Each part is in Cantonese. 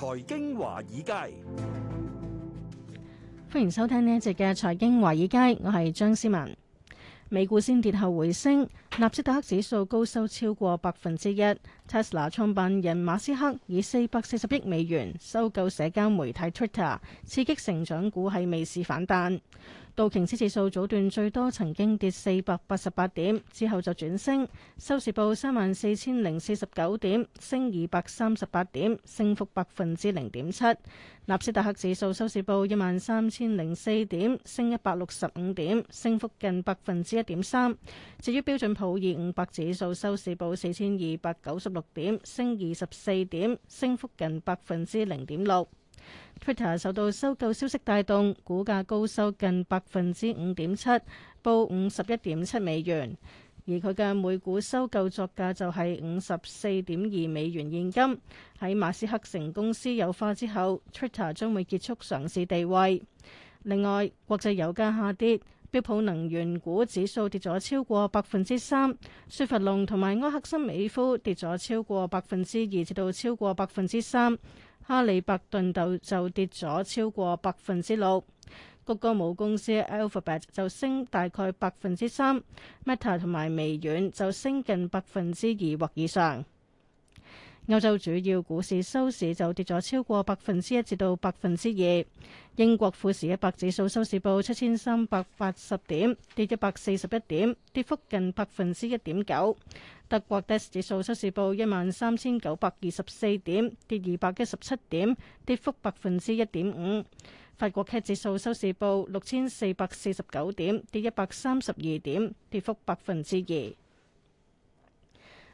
財經華爾街，歡迎收聽呢一節嘅財經華爾街，我係張思文。美股先跌後回升，納斯達克指數高收超過百分之一。Tesla 創辦人馬斯克以四百四十億美元收購社交媒體 Twitter，刺激成長股係尾市反彈。道瓊斯指數早段最多曾經跌四百八十八點，之後就轉升，收市報三萬四千零四十九點，升二百三十八點，升幅百分之零點七。納斯達克指數收市報一萬三千零四點，升一百六十五點，升幅近百分之一點三。至於標準普爾五百指數收市報四千二百九十六點，升二十四點，升幅近百分之零點六。Twitter 受到收購消息帶動，股價高收近百分之五點七，報五十一點七美元。而佢嘅每股收購作價就係五十四點二美元現金。喺馬斯克成公司有化之後，Twitter 將會結束上市地位。另外，國際油價下跌。標普能源股指數跌咗超過百分之三，雪佛龍同埋埃克森美孚跌咗超過百分之二至到超過百分之三，哈里伯頓豆就跌咗超過百分之六，谷歌母公司 Alphabet 就升大概百分之三，Meta 同埋微軟就升近百分之二或以上。歐洲主要股市收市就跌咗超過百分之一至到百分之二。英國富時一百指數收市報七千三百八十點，跌一百四十一點，跌幅近百分之一點九。德國 DAX 指數收市報一萬三千九百二十四點，跌二百一十七點，跌幅百分之一點五。法國 CAC 指數收市報六千四百四十九點，跌一百三十二點，跌幅百分之二。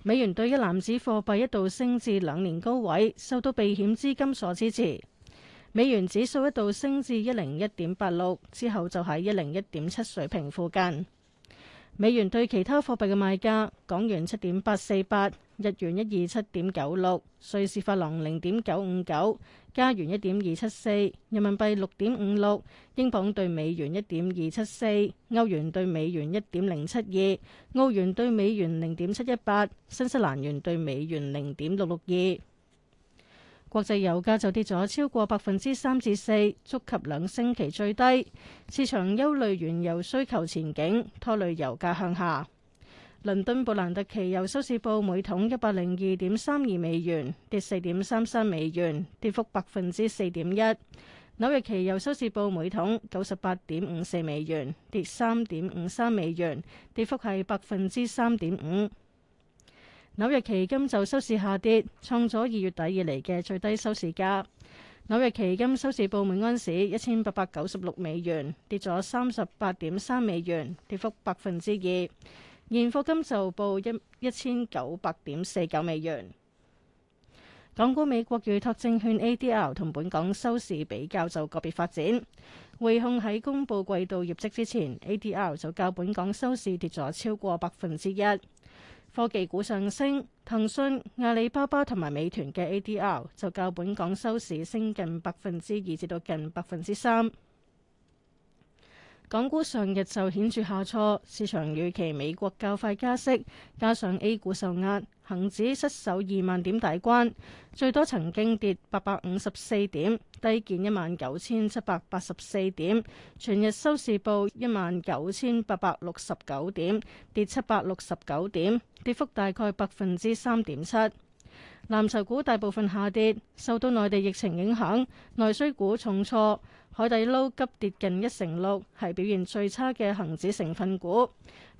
美元兌一籃子貨幣一度升至兩年高位，受到避險資金所支持。美元指數一度升至一零一點八六，之後就喺一零一點七水平附近。美元兌其他貨幣嘅賣價，港元七點八四八。日元一二七點九六，瑞士法郎零點九五九，加元一點二七四，人民幣六點五六，英鎊對美元一點二七四，歐元對美元一點零七二，澳元對美元零點七一八，新西蘭元對美元零點六六二。國際油價就跌咗超過百分之三至四，觸及兩星期最低。市場憂慮原油需求前景，拖累油價向下。倫敦布蘭特期油收市報每桶一百零二點三二美元，跌四點三三美元，跌幅百分之四點一。紐約期油收市報每桶九十八點五四美元，跌三點五三美元，跌幅係百分之三點五。紐約期金就收市下跌，創咗二月底以嚟嘅最低收市價。紐約期金收市報每安士一千八百九十六美元，跌咗三十八點三美元，跌幅百分之二。現貨金就報一一千九百點四九美元。港股美國預託證券 A D L 同本港收市比較就個別發展。匯控喺公布季度業績之前，A D L 就較本港收市跌咗超過百分之一。科技股上升，騰訊、阿里巴巴同埋美團嘅 A D L 就較本港收市升近百分之二至到近百分之三。港股上日就顯著下挫，市場預期美國較快加息，加上 A 股受壓，恒指失守二萬點大關，最多曾經跌八百五十四點，低見一萬九千七百八十四點，全日收市報一萬九千八百六十九點，跌七百六十九點，跌幅大概百分之三點七。藍籌股大部分下跌，受到內地疫情影響，內需股重挫，海底撈急跌近一成六，係表現最差嘅恒指成分股。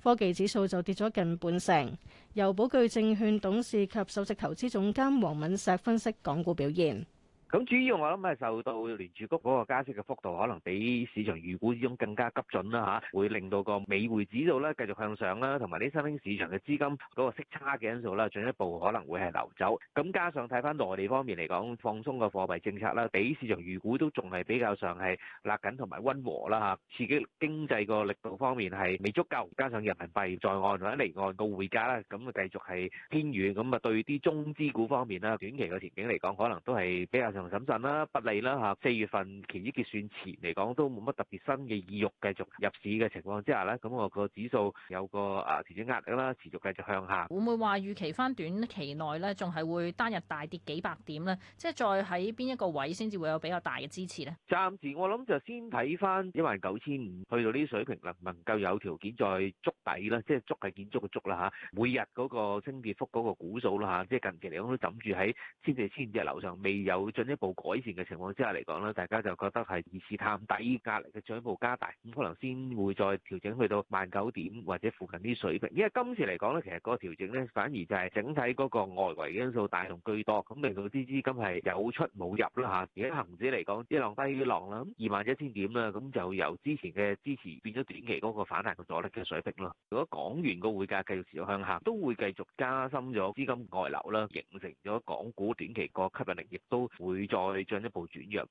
科技指數就跌咗近半成。由寶鉅證券董事及首席投資總監黃敏石分析港股表現。咁主要我諗係受到聯儲局嗰個加息嘅幅度，可能比市場預估之中更加急準啦嚇，會令到個美匯指數咧繼續向上啦，同埋啲新興市場嘅資金嗰個息差嘅因素啦，進一步可能會係流走。咁加上睇返內地方面嚟講，放鬆嘅貨幣政策啦，比市場預估都仲係比較上係勒緊同埋溫和啦嚇，刺激經濟個力度方面係未足夠，加上人民幣在岸或者離岸個匯價啦，咁啊繼續係偏軟，咁啊對啲中資股方面啦，短期嘅前景嚟講，可能都係比較。同審慎啦不利啦嚇，四月份期指結算前嚟講都冇乜特別新嘅意欲繼續入市嘅情況之下咧，咁我個指數有個啊調整壓力啦，持續繼續向下。會唔會話預期翻短期內咧，仲係會單日大跌幾百點咧？即係再喺邊一個位先至會有比較大嘅支持咧？暫時我諗就先睇翻一萬九千五去到呢啲水平啦，能夠有條件再築底啦，即係築係建築嘅築啦嚇。每日嗰個升跌幅嗰個股數啦嚇，即係近期嚟講都枕住喺千四千隻樓上，未有進。一步改善嘅情況之下嚟講咧，大家就覺得係二次探底，隔離嘅進一步加大，咁可能先會再調整去到萬九點或者附近啲水平。因為今次嚟講咧，其實個調整咧反而就係整體嗰個外圍嘅因素帶動居多，咁令到啲資金係有出冇入啦嚇。而家恒指嚟講一浪低於浪啦，二萬一千點啦，咁就由之前嘅支持變咗短期嗰個反彈嘅阻力嘅水平咯。如果講完個匯價繼續持續向下，都會繼續加深咗資金外流啦，形成咗港股短期個吸引力亦都會，再進一步轉弱。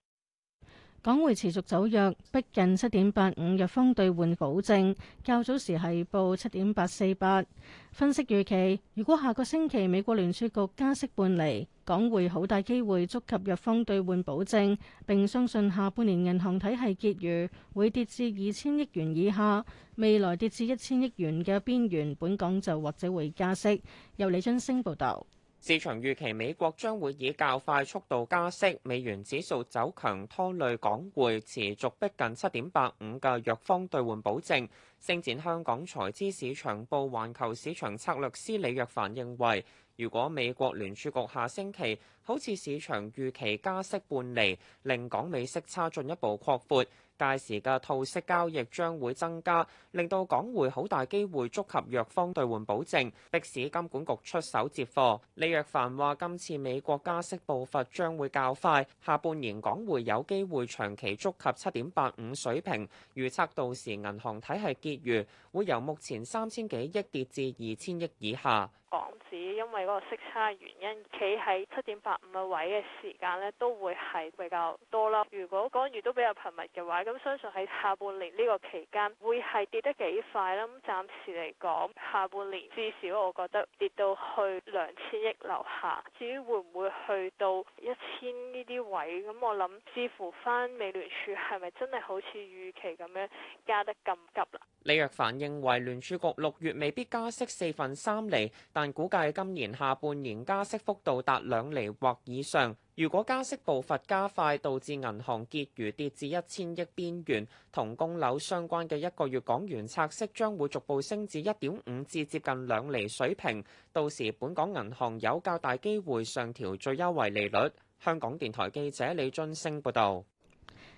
港匯持續走弱，逼近七點八五弱方兌換保證。較早時係報七點八四八。分析預期，如果下個星期美國聯儲局加息半釐，港匯好大機會觸及弱方兌換保證。並相信下半年銀行體系結餘會跌至二千億元以下，未來跌至一千億元嘅邊緣，本港就或者會加息。由李津升報導。市場預期美國將會以較快速度加息，美元指數走強拖累港匯持續逼近七點八五嘅弱方兌換保證。星展香港財資市場部環球市場策略師李若凡認為，如果美國聯儲局下星期好似市場預期加息半釐，令港美息差進一步擴闊。屆時嘅套息交易將會增加，令到港匯好大機會觸及弱方兌換保證，迫使金管局出手接貨。李若凡話：今次美國加息步伐將會較快，下半年港匯有機會長期觸及七點八五水平。預測到時銀行體系結餘會由目前三千幾億跌至二千億以下。港紙因為嗰個息差原因，企喺七點八五嘅位嘅時間咧，都會係比較多啦。如果嗰月都比較頻密嘅話，咁相信喺下半年呢個期間會係跌得幾快啦。咁暫時嚟講，下半年至少我覺得跌到去兩千億樓下。至於會唔會去到一千呢啲位，咁我諗視乎返美聯儲係咪真係好似預期咁樣加得咁急啦。李若凡認為聯儲局六月未必加息四分三厘，但估計今年下半年加息幅度達兩厘或以上。如果加息步伐加快，導致銀行結餘跌至一千億邊緣，同供樓相關嘅一個月港元拆息將會逐步升至一點五至接近兩厘水平。到時本港銀行有較大機會上調最優惠利率。香港電台記者李津升報導。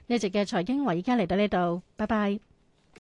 呢集嘅財經話依家嚟到呢度，拜拜。